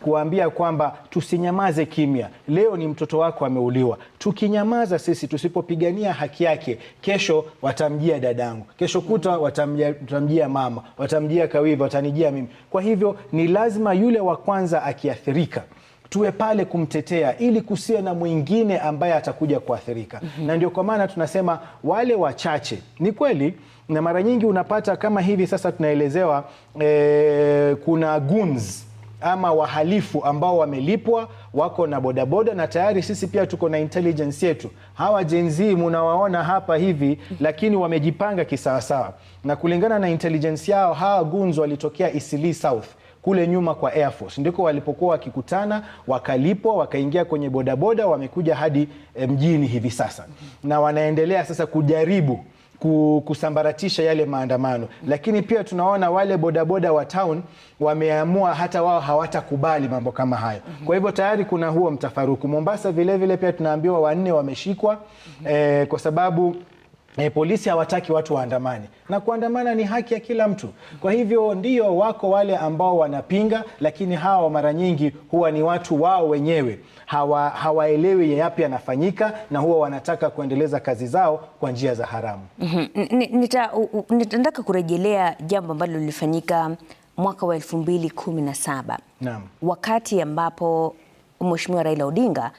kuambia kwamba tusinyamaze kimya. Leo ni mtoto wako ameuliwa, tukinyamaza sisi, tusipopigania haki yake, kesho watamjia dadangu, kesho kuta watamjia, watamjia mama, watamjia Kawiva, watanijia mimi. Kwa hivyo ni lazima yule wa kwanza akiathirika tuwe pale kumtetea ili kusiwe na mwingine ambaye atakuja kuathirika. mm -hmm. Na ndio kwa maana tunasema wale wachache ni kweli, na mara nyingi unapata kama hivi sasa tunaelezewa, eh, kuna goons ama wahalifu ambao wamelipwa wako na bodaboda, na tayari sisi pia tuko na intelligence yetu. Hawa Gen Z munawaona hapa hivi, lakini wamejipanga kisawasawa, na kulingana na intelligence yao hawa guns walitokea Isili South kule nyuma kwa Air Force ndiko walipokuwa wakikutana, wakalipwa, wakaingia kwenye bodaboda, wamekuja hadi eh, mjini hivi sasa, na wanaendelea sasa kujaribu kusambaratisha yale maandamano, lakini pia tunaona wale bodaboda wa town wameamua hata wao hawatakubali mambo kama hayo. Kwa hivyo tayari kuna huo mtafaruku. Mombasa vilevile vile pia tunaambiwa wanne wameshikwa, eh, kwa sababu E, polisi hawataki watu waandamane na kuandamana ni haki ya kila mtu. Kwa hivyo ndio wako wale ambao wanapinga, lakini hao mara nyingi huwa ni watu wao wenyewe hawa hawaelewi yapi yanafanyika na huwa wanataka kuendeleza kazi zao kwa njia za haramu. mm -hmm. Nitataka nita kurejelea jambo ambalo lilifanyika mwaka wa 2017 naam, wakati ambapo Mheshimiwa Raila Odinga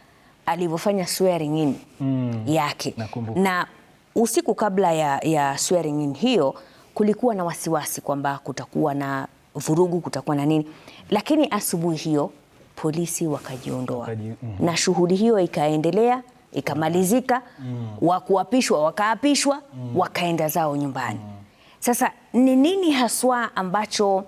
alivyofanya swearing in mm, yake Nakumbuka. na usiku kabla ya, ya swearing in hiyo kulikuwa na wasiwasi kwamba kutakuwa na vurugu, kutakuwa na nini, lakini asubuhi hiyo polisi wakajiondoa mm -hmm. na shughuli hiyo ikaendelea ikamalizika, mm -hmm. wakuapishwa wakaapishwa, mm -hmm. wakaenda zao nyumbani. mm -hmm. Sasa ni nini haswa ambacho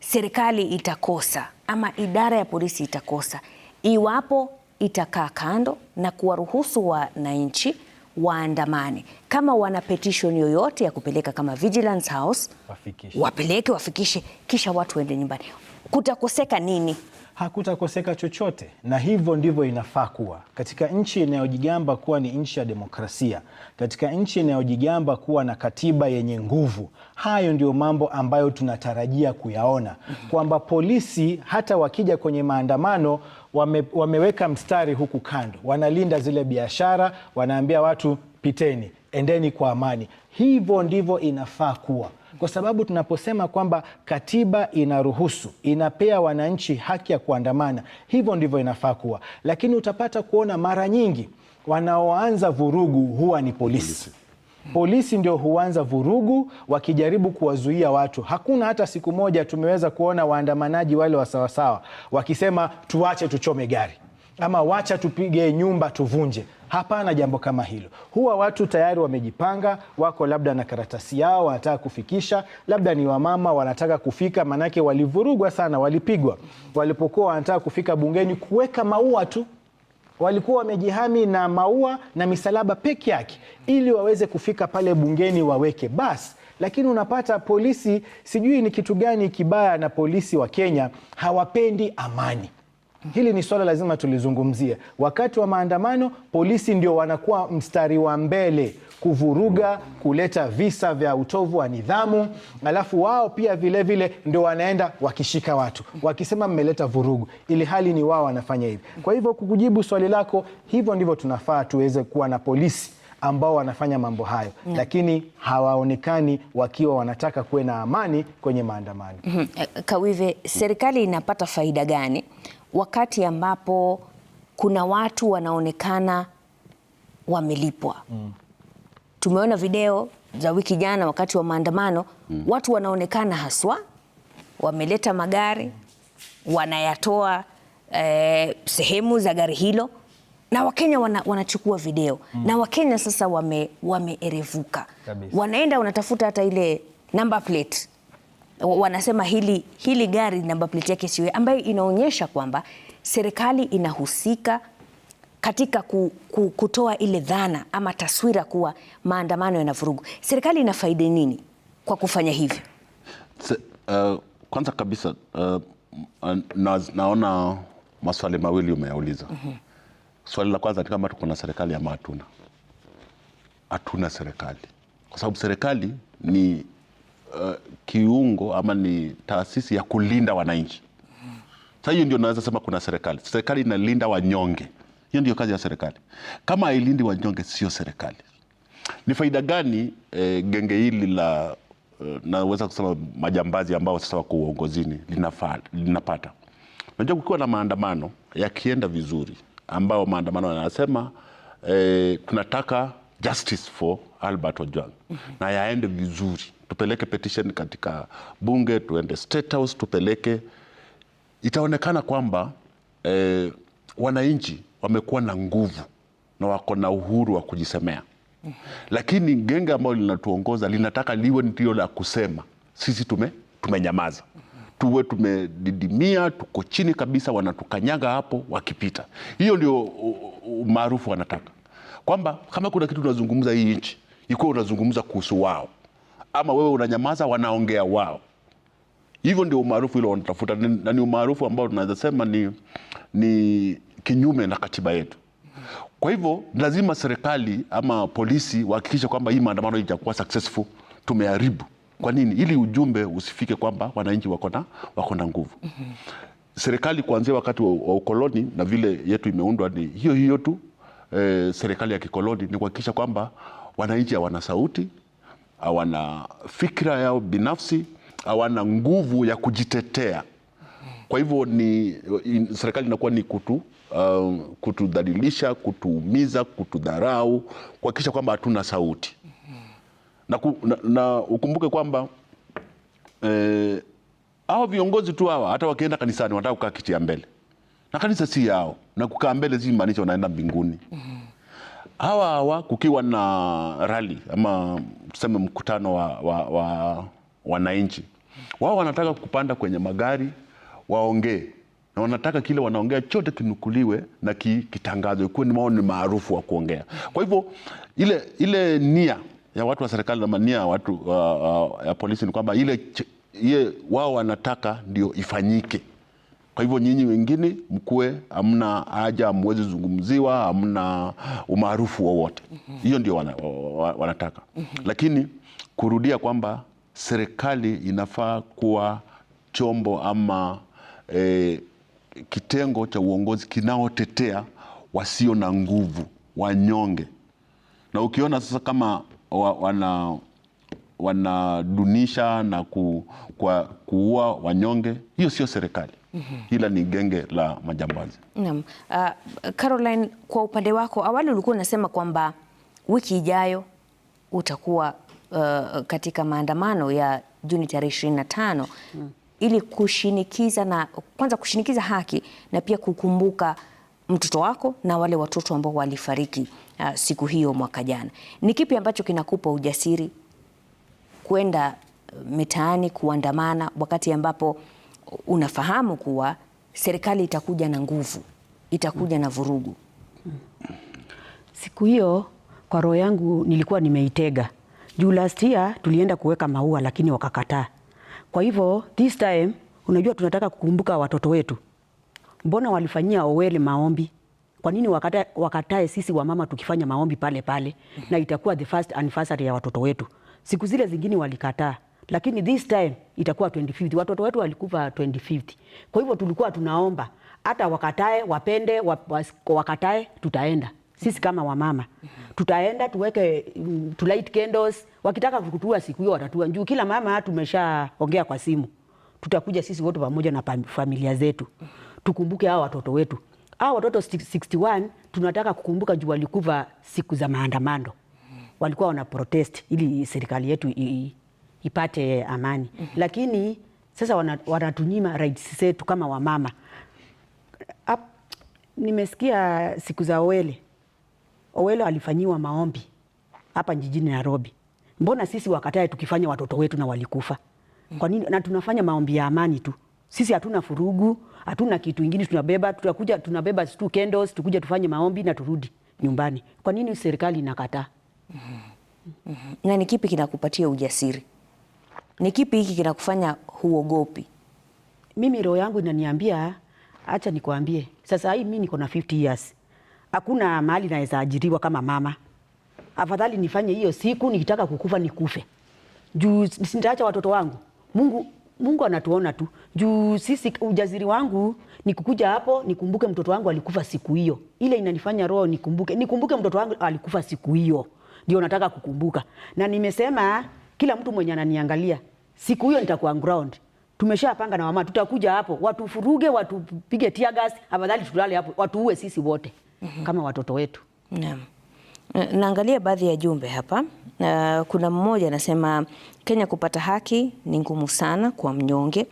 serikali itakosa ama idara ya polisi itakosa iwapo itakaa kando na kuwaruhusu wananchi waandamane. Kama wana petition yoyote ya kupeleka kama Vigilance House, wafikishe, wapeleke, wafikishe, kisha watu waende nyumbani. Kutakoseka nini? hakutakoseka chochote, na hivyo ndivyo inafaa kuwa katika nchi inayojigamba kuwa ni nchi ya demokrasia, katika nchi inayojigamba kuwa na katiba yenye nguvu. Hayo ndio mambo ambayo tunatarajia kuyaona, kwamba polisi hata wakija kwenye maandamano wame, wameweka mstari huku kando, wanalinda zile biashara, wanaambia watu piteni, endeni kwa amani. Hivyo ndivyo inafaa kuwa kwa sababu tunaposema kwamba katiba inaruhusu, inapea wananchi haki ya kuandamana, hivyo ndivyo inafaa kuwa. Lakini utapata kuona mara nyingi wanaoanza vurugu huwa ni polisi. Polisi ndio huanza vurugu wakijaribu kuwazuia watu. Hakuna hata siku moja tumeweza kuona waandamanaji wale wa sawasawa wakisema tuache tuchome gari ama wacha tupige nyumba tuvunje. Hapana jambo kama hilo. Huwa watu tayari wamejipanga, wako labda na karatasi yao wanataka kufikisha, labda ni wamama wanataka kufika, manake walivurugwa sana, walipigwa walipokuwa wanataka kufika bungeni kuweka maua tu walikuwa wamejihami na maua na misalaba peke yake ili waweze kufika pale bungeni waweke basi. Lakini unapata polisi, sijui ni kitu gani kibaya na polisi wa Kenya hawapendi amani. Hili ni swala lazima tulizungumzie. Wakati wa maandamano, polisi ndio wanakuwa mstari wa mbele kuvuruga, kuleta visa vya utovu wa nidhamu, alafu wao pia vilevile ndio wanaenda wakishika watu wakisema mmeleta vurugu, ili hali ni wao wanafanya hivi. Kwa hivyo kukujibu swali lako, hivyo ndivyo tunafaa tuweze kuwa na polisi ambao wanafanya mambo hayo mm. Lakini hawaonekani wakiwa wanataka kuwe na amani kwenye maandamano mm -hmm. Kawive, serikali inapata faida gani wakati ambapo kuna watu wanaonekana wamelipwa. Mm. Tumeona video za wiki jana wakati wa maandamano mm. Watu wanaonekana haswa wameleta magari wanayatoa eh, sehemu za gari hilo na Wakenya wana, wanachukua video mm. Na Wakenya sasa wameerevuka wame wanaenda wanatafuta hata ile number plate wanasema hili, hili gari namba plate yake sio, ambayo inaonyesha kwamba serikali inahusika katika ku, ku, kutoa ile dhana ama taswira kuwa maandamano yana vurugu. Serikali inafaidi nini kwa kufanya hivyo? Uh, kwanza kabisa uh, na, naona maswali mawili umeyauliza. mm -hmm. Swali la kwanza ni kama tuko na serikali ama hatuna. Hatuna serikali, kwa sababu serikali ni uh, kiungo ama ni taasisi ya kulinda wananchi. Sasa hiyo ndio naweza sema kuna serikali. Serikali inalinda wanyonge, hiyo ndio kazi ya serikali. Kama hailindi wanyonge, sio serikali. Ni faida gani eh, genge hili la eh, naweza kusema majambazi ambao sasa wako uongozini linapata? Unajua, kukiwa na maandamano yakienda vizuri, ambao maandamano yanasema eh, tunataka justice for Albert Ojwang mm -hmm. na yaende vizuri tupeleke petition katika bunge, tuende State House, tupeleke, itaonekana kwamba eh, wananchi wamekuwa na nguvu na wako na uhuru wa kujisemea. Lakini genge ambalo linatuongoza linataka liwe ndio la kusema, sisi tume tumenyamaza. Tuwe tumedidimia, tuko chini kabisa, wanatukanyaga hapo wakipita. Hiyo ndio umaarufu wanataka kwamba kama kuna kitu unazungumza hii nchi ikuwa unazungumza kuhusu wao ama wewe unanyamaza, wanaongea wao. Hivyo ndio umaarufu ile wanatafuta, na ni umaarufu ambao tunaweza sema ni, ni kinyume na katiba yetu. Kwa hivyo lazima serikali ama polisi wahakikishe kwamba hii maandamano itakuwa successful, tumeharibu. Kwa nini? Ili ujumbe usifike kwamba wananchi wako na wako na nguvu. mm -hmm. Serikali kuanzia wakati wa, wa ukoloni na vile yetu imeundwa ni hiyo hiyo tu. Eh, serikali ya kikoloni ni kuhakikisha kwamba wananchi hawana sauti hawana fikra yao binafsi, hawana nguvu ya kujitetea. Kwa hivyo ni serikali inakuwa ni kutu uh, kutudhalilisha, kutuumiza, kutudharau, kuhakikisha kwamba hatuna sauti na, na, na ukumbuke kwamba eh, hao viongozi tu hawa hata wakienda kanisani wanataka kukaa kiti ya mbele, na kanisa si yao, na kukaa mbele zimaanisha wanaenda mbinguni hawa hawa kukiwa na rali ama tuseme mkutano wa, wa, wa wananchi, wao wanataka kupanda kwenye magari waongee, na wanataka kile wanaongea chote kinukuliwe na kitangazwe, ikuwe ni maoni maarufu wa kuongea. Kwa hivyo ile, ile nia ya watu wa serikali ama nia ya watu uh, uh, ya polisi ni kwamba ile, ile wao wanataka ndio ifanyike. Kwa hivyo nyinyi wengine mkuwe hamna haja, hamwezi zungumziwa, hamna umaarufu wowote mm -hmm. Hiyo ndio wana, wanataka mm -hmm. Lakini kurudia kwamba serikali inafaa kuwa chombo ama e, kitengo cha uongozi kinaotetea wasio na nguvu, wanyonge. Na ukiona sasa kama wa, wana wanadunisha na ku, kwa, kuua wanyonge, hiyo sio serikali hila -hmm. ni genge la majambazi. Naam. Uh, Caroline, kwa upande wako awali ulikuwa unasema kwamba wiki ijayo utakuwa uh, katika maandamano ya Juni tarehe 25 mm. ili kushinikiza na kwanza kushinikiza haki na pia kukumbuka mtoto wako na wale watoto ambao walifariki uh, siku hiyo mwaka jana. Ni kipi ambacho kinakupa ujasiri kwenda mitaani kuandamana wakati ambapo unafahamu kuwa serikali itakuja na nguvu, itakuja na vurugu. Siku hiyo kwa roho yangu nilikuwa nimeitega juu, last year tulienda kuweka maua lakini wakakataa. Kwa hivyo this time, unajua tunataka kukumbuka watoto wetu. Mbona walifanyia Owele maombi? Kwa nini wakatae, wakatae sisi wamama tukifanya maombi pale pale, na itakuwa the first anniversary ya watoto wetu? Siku zile zingine walikataa lakini this time itakuwa 2050. Watoto wetu walikuwa 2050. Kwa hivyo tulikuwa tunaomba hata wakatae, wapende wakatae, tutaenda sisi kama wamama tutaenda tuweke mm, to light candles. Wakitaka kutua siku hiyo watatua juu, kila mama tumeshaongea kwa simu, tutakuja sisi wote pamoja na familia zetu. Tukumbuke hao watoto wetu, hao watoto 61 tunataka kukumbuka juu walikuva siku za maandamano, walikuwa wana protest ili serikali yetu i ipate amani mm -hmm. Lakini sasa wanatunyima rights zetu kama wamama. Nimesikia siku za Owele, Owele alifanyiwa maombi hapa jijini Nairobi. Mbona sisi wakatae tukifanya watoto wetu na walikufa? Mhm. Kwa nini? Na tunafanya maombi ya amani tu. Sisi hatuna furugu, hatuna kitu kingine tunabeba, tutakuja tunabeba tu candles, tukuja tufanye maombi na turudi nyumbani. Kwa nini serikali inakataa? Mm -hmm. Mm -hmm. Na ni kipi kinakupatia ujasiri? Ni kipi hiki kinakufanya huogopi? Mimi roho yangu inaniambia acha nikwambie, sasa hii mimi niko na 50 years, hakuna mahali naweza ajiriwa kama mama. Afadhali nifanye hiyo siku, nikitaka kukufa nikufe juu sitaacha watoto wangu. Mungu Mungu anatuona tu juu sisi. ujaziri wangu nikukuja hapo, nikumbuke mtoto wangu alikufa siku hiyo. Ile inanifanya roho nikumbuke, nikumbuke mtoto wangu alikufa siku hiyo, ndio nataka kukumbuka. Na nimesema kila mtu mwenye ananiangalia siku hiyo nitakuwa ground. Tumeshapanga na mama, tutakuja hapo, watufuruge, watupige tear gas, afadhali tulale hapo, watuue sisi wote mm -hmm. kama watoto wetu yeah. Naangalia baadhi ya jumbe hapa. Uh, kuna mmoja anasema Kenya kupata haki ni ngumu sana kwa mnyonge.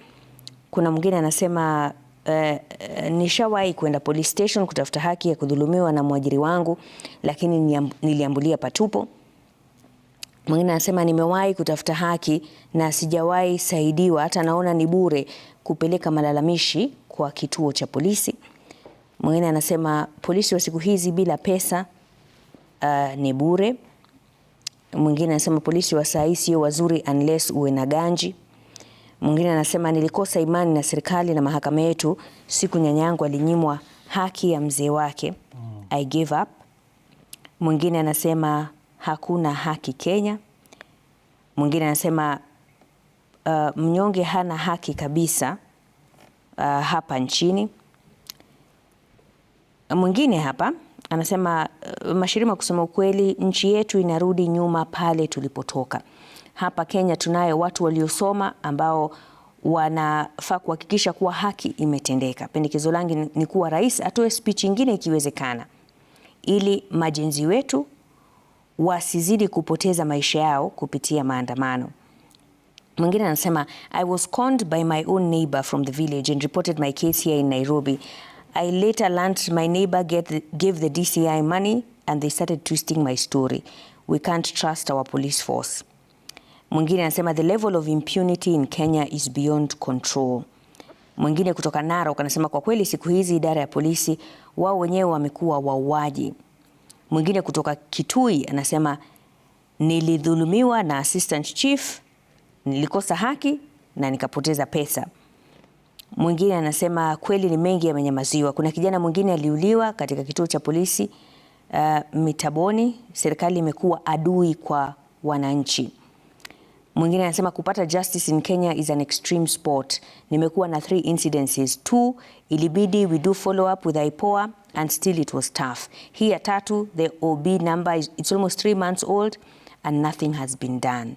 Kuna mwingine anasema uh, nishawahi kwenda police station kutafuta haki ya kudhulumiwa na mwajiri wangu, lakini niliambulia patupo. Mwingine anasema nimewahi kutafuta haki na sijawahi saidiwa, hata naona ni bure kupeleka malalamishi kwa kituo cha polisi. Mwingine anasema polisi wa siku hizi bila pesa uh, ni bure. Mwingine anasema polisi wa saa hii sio wazuri unless uwe na ganji. Mwingine anasema nilikosa imani na serikali na mahakama yetu siku nyanyangu alinyimwa haki ya mzee wake. I give up. Mwingine anasema hakuna haki Kenya. Mwingine anasema uh, mnyonge hana haki kabisa uh, hapa nchini. Mwingine hapa anasema uh, Mashirima, kusema ukweli, nchi yetu inarudi nyuma pale tulipotoka. Hapa Kenya tunaye watu waliosoma ambao wanafaa kuhakikisha kuwa haki imetendeka. Pendekezo langu ni kuwa rais atoe spichi nyingine ikiwezekana, ili majenzi wetu wasizidi kupoteza maisha yao kupitia maandamano. Mwingine anasema I was conned by my own neighbor from the village and reported my case here in Nairobi. I later learned my neighbor gave the DCI money and they started twisting my story. We can't trust our police force. Mwingine anasema the level of impunity in Kenya is beyond control. Mwingine kutoka Narok anasema kwa kweli siku hizi idara ya polisi wao wenyewe wamekuwa wauaji. Mwingine kutoka Kitui anasema nilidhulumiwa na assistant chief, nilikosa haki na nikapoteza pesa. Mwingine anasema kweli ni mengi yamenyamaziwa. Kuna kijana mwingine aliuliwa katika kituo cha polisi uh, Mitaboni. Serikali imekuwa adui kwa wananchi. Mwingine anasema kupata justice in Kenya is an extreme sport. Nimekuwa na three incidences. Two, ilibidi we do follow up with IPOA and still it was tough. Hii ya tatu, the OB number is, it's almost three months old and nothing has been done.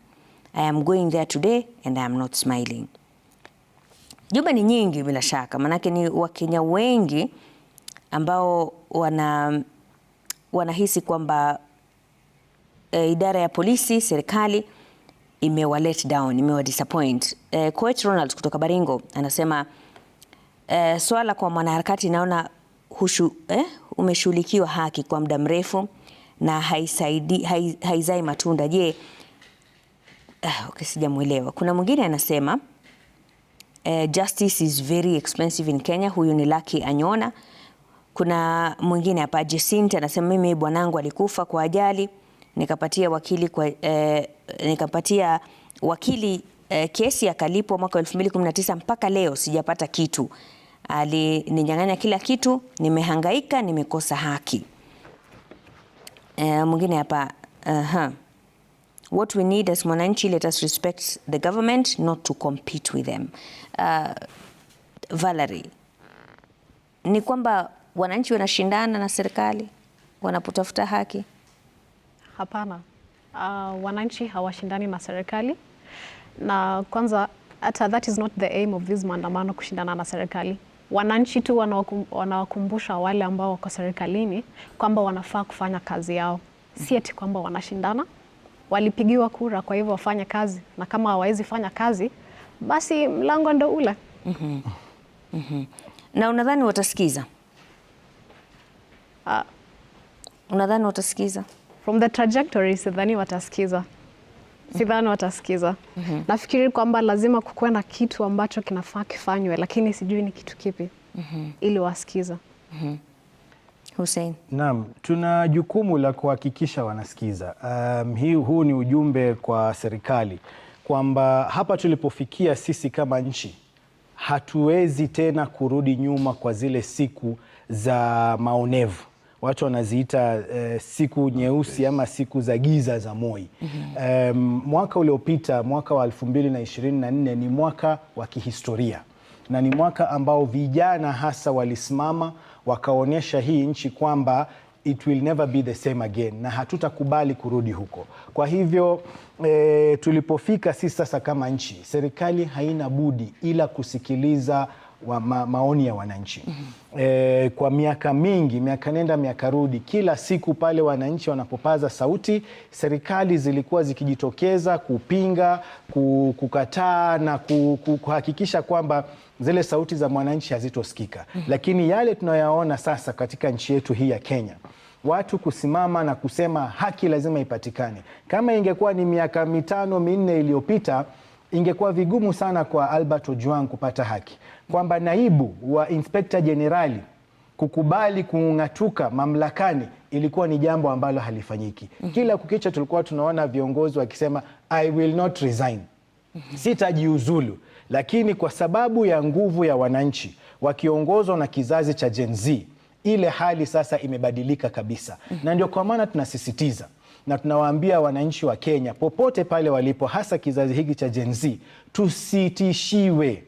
I am going there today and I am not smiling. Jumbe ni nyingi bila shaka, manake ni Wakenya wengi ambao wana wanahisi kwamba e, idara ya polisi, serikali imewa let down, imewa disappoint. Eh, Ronald kutoka Baringo anasema eh, swala kwa mwanaharakati naona hushu, eh, umeshughulikiwa haki kwa muda mrefu na haisaidi, hai, haizai matunda. Je, ah, okay, sijamuelewa. Kuna mwingine anasema eh, justice is very expensive in Kenya. Huyu ni Lucky Anyona. Kuna mwingine hapa Jacinta anasema mimi bwanangu alikufa kwa ajali nikapatia wakili, kwa, eh, nikapatia wakili eh, kesi akalipwa mwaka 2019 mpaka leo sijapata kitu. Alininyang'anya kila kitu, nimehangaika, nimekosa haki. Eh, mwingine hapa uh-huh. What we need as mwananchi, let us respect the government not to compete with them. Uh, Valerie, ni kwamba wananchi wanashindana na serikali wanapotafuta haki. Hapana. Uh, wananchi hawashindani na serikali na kwanza hata that is not the aim of this maandamano kushindana na serikali. Wananchi tu wanawakumbusha wale ambao wako serikalini kwamba wanafaa kufanya kazi yao, si eti kwamba wanashindana. Walipigiwa kura, kwa hivyo wafanye kazi, na kama hawawezi fanya kazi basi mlango ndo ule. mm -hmm. mm -hmm. Na unadhani watasikiza? Uh, unadhani watasikiza? from the trajectory sidhani watasikiza sidhani watasikiza. mm -hmm. Nafikiri kwamba lazima kukuwa na kitu ambacho kinafaa kifanywe, lakini sijui ni kitu kipi mm -hmm. ili wasikiza. mm -hmm. Hussein. Naam, tuna jukumu la kuhakikisha wanasikiza. Um, hii, huu ni ujumbe kwa serikali kwamba hapa tulipofikia sisi kama nchi hatuwezi tena kurudi nyuma kwa zile siku za maonevu watu wanaziita eh, siku nyeusi ama siku za giza za Moi. mm -hmm. Um, mwaka uliopita mwaka wa 2024 ni mwaka wa kihistoria na ni mwaka ambao vijana hasa walisimama wakaonyesha hii nchi kwamba it will never be the same again, na hatutakubali kurudi huko. Kwa hivyo e, tulipofika sisi sasa kama nchi, serikali haina budi ila kusikiliza wa ma, maoni ya wananchi mm -hmm. E, kwa miaka mingi, miaka nenda miaka rudi, kila siku pale wananchi wanapopaza sauti, serikali zilikuwa zikijitokeza kupinga, kukataa na kuhakikisha kwamba zile sauti za mwananchi hazitosikika mm -hmm. Lakini yale tunayaona sasa katika nchi yetu hii ya Kenya watu kusimama na kusema haki lazima ipatikane. Kama ingekuwa ni miaka mitano minne iliyopita, ingekuwa vigumu sana kwa Albert Ojwang kupata haki kwamba naibu wa inspekta jenerali kukubali kung'atuka mamlakani ilikuwa ni jambo ambalo halifanyiki. Mhm. Kila kukicha tulikuwa tunaona viongozi wakisema I will not resign, mhm. sitajiuzulu, lakini kwa sababu ya nguvu ya wananchi wakiongozwa na kizazi cha Gen Z, ile hali sasa imebadilika kabisa, mhm. na ndio kwa maana tunasisitiza na tunawaambia wananchi wa Kenya popote pale walipo, hasa kizazi hiki cha Gen Z, tusitishiwe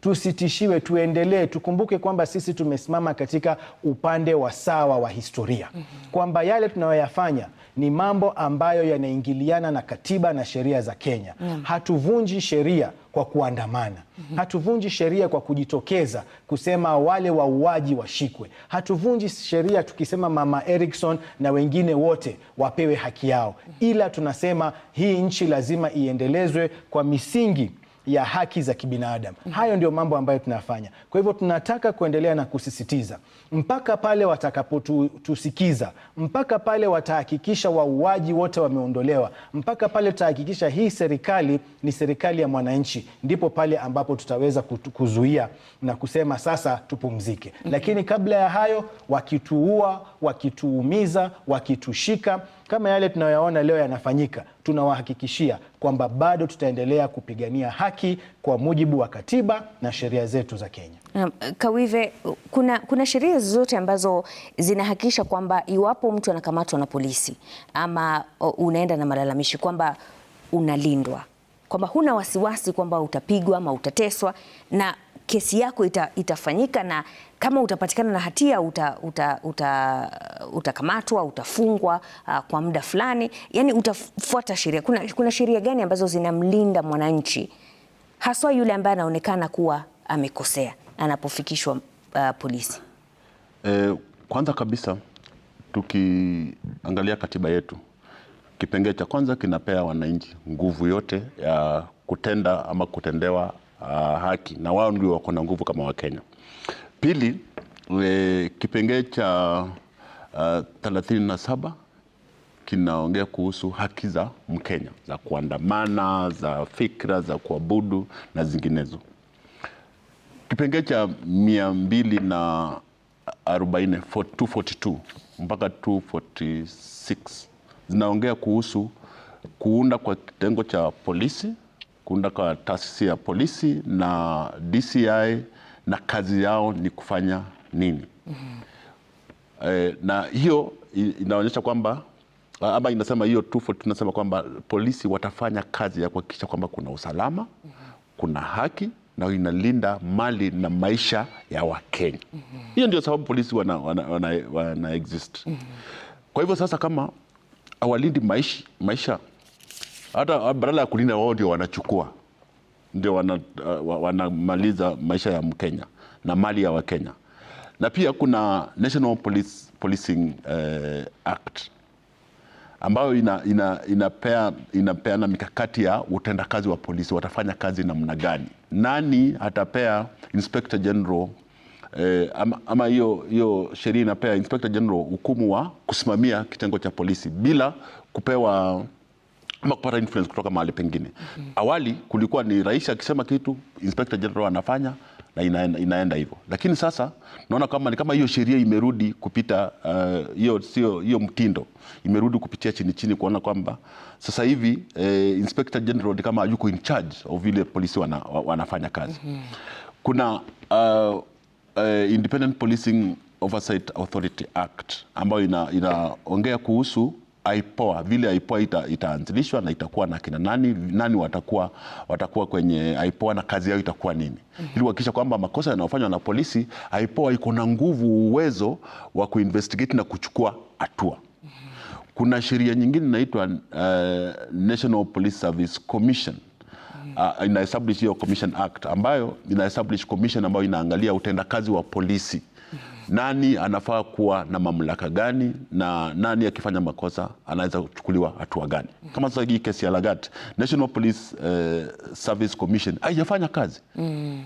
tusitishiwe, tuendelee, tukumbuke kwamba sisi tumesimama katika upande wa sawa wa historia mm -hmm. kwamba yale tunayoyafanya ni mambo ambayo yanaingiliana na katiba na sheria za Kenya mm -hmm. hatuvunji sheria kwa kuandamana mm -hmm. hatuvunji sheria kwa kujitokeza kusema wale wauaji washikwe. Hatuvunji sheria tukisema mama Erikson na wengine wote wapewe haki yao, mhm. ila tunasema hii nchi lazima iendelezwe kwa misingi ya haki za kibinadamu. Hayo ndio mambo ambayo tunafanya. Kwa hivyo tunataka kuendelea na kusisitiza mpaka pale watakapotusikiza, mpaka pale watahakikisha wauaji wote wameondolewa, mpaka pale tutahakikisha hii serikali ni serikali ya mwananchi, ndipo pale ambapo tutaweza kuzuia na kusema sasa tupumzike. Mm-hmm. Lakini kabla ya hayo, wakituua, wakituumiza, wakitushika kama yale tunayoyaona leo yanafanyika, tunawahakikishia kwamba bado tutaendelea kupigania haki kwa mujibu wa katiba na sheria zetu za Kenya. Kawive, kuna, kuna sheria zozote ambazo zinahakikisha kwamba iwapo mtu anakamatwa na polisi ama unaenda na malalamishi kwamba unalindwa kwamba huna wasiwasi kwamba utapigwa ama utateswa na kesi yako ita, itafanyika na kama utapatikana na hatia utakamatwa uta, uta, utafungwa uh, kwa muda fulani, yani utafuata sheria. Kuna, kuna sheria gani ambazo zinamlinda mwananchi haswa yule ambaye anaonekana kuwa amekosea anapofikishwa uh, polisi? Eh, kwanza kabisa tukiangalia katiba yetu Kipengee cha kwanza kinapea wananchi nguvu yote ya kutenda ama kutendewa uh, haki na wao ndio wako na nguvu kama Wakenya. Pili, kipengee cha uh, na saba kinaongea kuhusu haki za Mkenya za kuandamana, za fikra, za kuabudu na zinginezo. Kipengee cha mia mbili na arobaini 242 mpaka 246 zinaongea kuhusu kuunda kwa kitengo cha polisi, kuunda kwa taasisi ya polisi na DCI na kazi yao ni kufanya nini? mm -hmm. E, na hiyo inaonyesha kwamba ama inasema hiyo 242 tunasema kwamba polisi watafanya kazi ya kuhakikisha kwamba kuna usalama, mm -hmm. kuna haki na inalinda mali na maisha ya Wakenya. mm -hmm. Hiyo ndio sababu polisi wana, wana, wana, wana exist. mm -hmm. Kwa hivyo sasa kama awalindi maisha, maisha. Hata ah, badala ya kulinda wao ndio wanachukua ndio wana, uh, wanamaliza maisha ya Mkenya na mali ya Wakenya. Na pia kuna National Police, Policing uh, Act ambayo ina, ina, inapea, inapeana mikakati ya utendakazi wa polisi, watafanya kazi namna gani, nani atapea Inspector General eh, ama hiyo hiyo sheria inapea Inspector General hukumu wa kusimamia kitengo cha polisi bila kupewa ama kupata influence kutoka mahali pengine. Mm -hmm. Awali kulikuwa ni rais akisema kitu, Inspector General anafanya na inaenda, inaenda hivyo. Lakini sasa naona kama ni kama hiyo sheria imerudi kupita eh, hiyo uh, sio hiyo mtindo imerudi kupitia chini chini kuona kwamba sasa hivi eh, Inspector General ni kama yuko in charge of vile polisi wana, wanafanya kazi. Mm -hmm. Kuna uh, uh, Independent Policing Oversight Authority Act ambayo ina, inaongea kuhusu ipoa vile ipoa ita, itaanzilishwa na itakuwa na kina nani nani watakuwa watakuwa kwenye ipoa na kazi yao itakuwa nini, mhm. ili kuhakikisha kwamba makosa yanayofanywa na polisi, ipoa iko na nguvu, uwezo wa kuinvestigate na kuchukua hatua. Mhm. Kuna sheria nyingine inaitwa uh, National Police Service Commission uh, ah, ina establish hiyo Commission Act ambayo ina establish commission ambayo inaangalia utendakazi wa polisi nani anafaa kuwa na mamlaka gani na nani akifanya makosa anaweza kuchukuliwa hatua gani? Kama sasa hii kesi ya Lagat, National Police uh, Service Commission haijafanya kazi mm.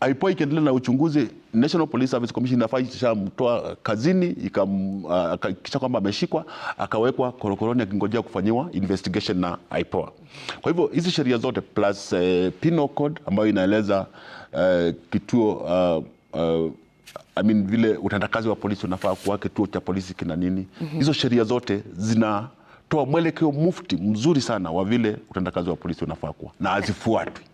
IPOA ikiendelea na uchunguzi, National Police Service Commission inafaa ishamtoa kazini ikahakikisha ah, kwamba ameshikwa akawekwa korokoroni akingojea kufanyiwa investigation na IPOA. Kwa hivyo hizi sheria zote plus eh, penal code ambayo inaeleza eh, kituo uh, uh, I mean, vile utendakazi wa polisi unafaa kuwa, kituo cha polisi kina nini, mhm. hizo mm -hmm. sheria zote zina toa mwelekeo mufti mzuri sana wa vile utendakazi wa polisi unafaa kuwa na hazifuatwi.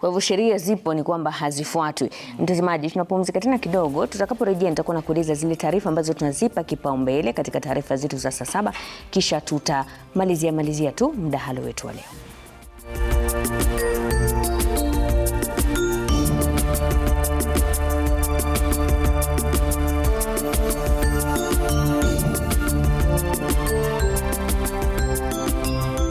Kwa hivyo sheria zipo, ni kwamba hazifuatwi. Mtazamaji, tunapumzika tena kidogo. Tutakaporejea nitakuwa na kueleza zile taarifa ambazo tunazipa kipaumbele katika taarifa zetu za saa saba, kisha tutamalizia malizia tu mdahalo wetu wa leo.